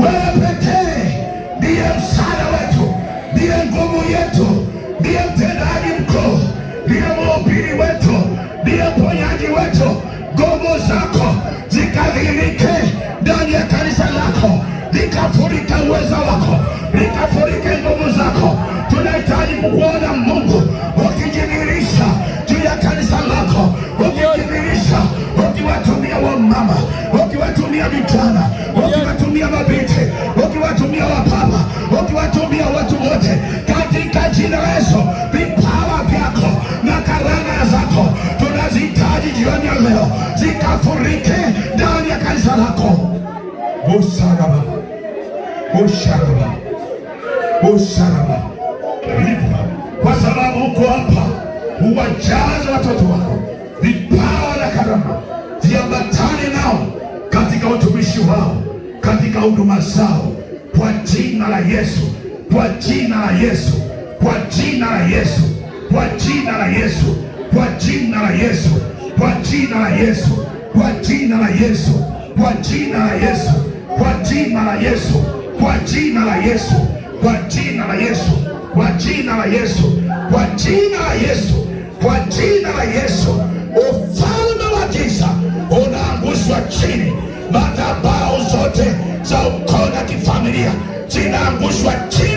Wewe pekee ndiye msaada wetu, ndiye nguvu yetu, ndiye mtendaji mkuu, ndiye mhubiri wetu, ndiye mponyaji wetu. Nguvu zako zikadhihirike ndani ya kanisa lako, likafurika uwezo wako yote katika jina la Yesu. Vipawa vyako na karama zako tunazihitaji jioni ya leo, zikafurike ndani ya kanisa lako. busaraba busaraba busaraba kwa sababu uko hapa, uwajaze watoto wako vipawa na karama, ziambatane nao katika utumishi wao, katika huduma zao, kwa jina la Yesu kwa jina la Yesu, kwa jina la Yesu, kwa jina la Yesu, kwa jina la Yesu, kwa jina la Yesu, kwa jina la Yesu, kwa jina la Yesu, kwa jina la Yesu, kwa jina la Yesu, kwa jina la Yesu, kwa jina la Yesu, kwa jina la Yesu, kwa jina la Yesu, ufalme wa giza unaangushwa chini, madhabahu zote za ukoo na kifamilia zinaangushwa chini.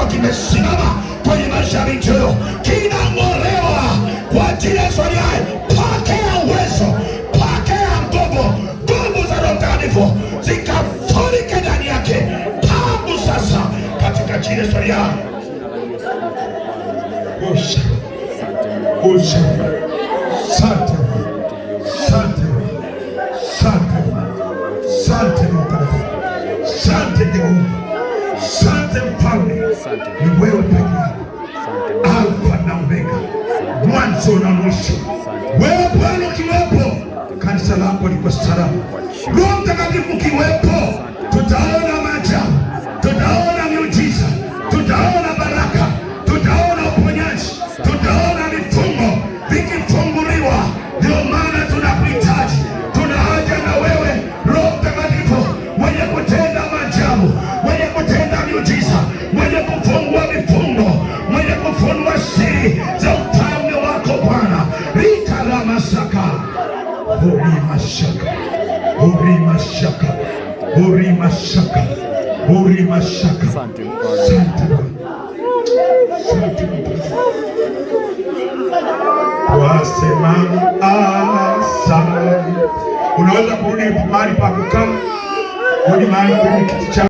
chako kimesimama kwenye maisha mashariki leo kinang'olewa kwa ajili ya Yesu aliye. Pokea uwezo, pokea nguvu, nguvu za Roho Mtakatifu zikafurike ndani yake tangu sasa, katika jina la Yesu aliye. Usha, usha, sante, sante, ni wewe peke yako, Alfa na Omega, mwanzo na mwisho. Wewe Bwana ukiwepo, kanisa lako liko salama. Roho Mtakatifu ukiwepo miujiza, mwenye kufungua mifungo, mwenye kufunua siri za ufalme wako Bwana. Rikaramasaka urimashaka urimashaka urimashaka urimashaka. Asante wasema asante. Unaweza kurudi mahali pa kukaa, rudi mahali kwenye kiti chako.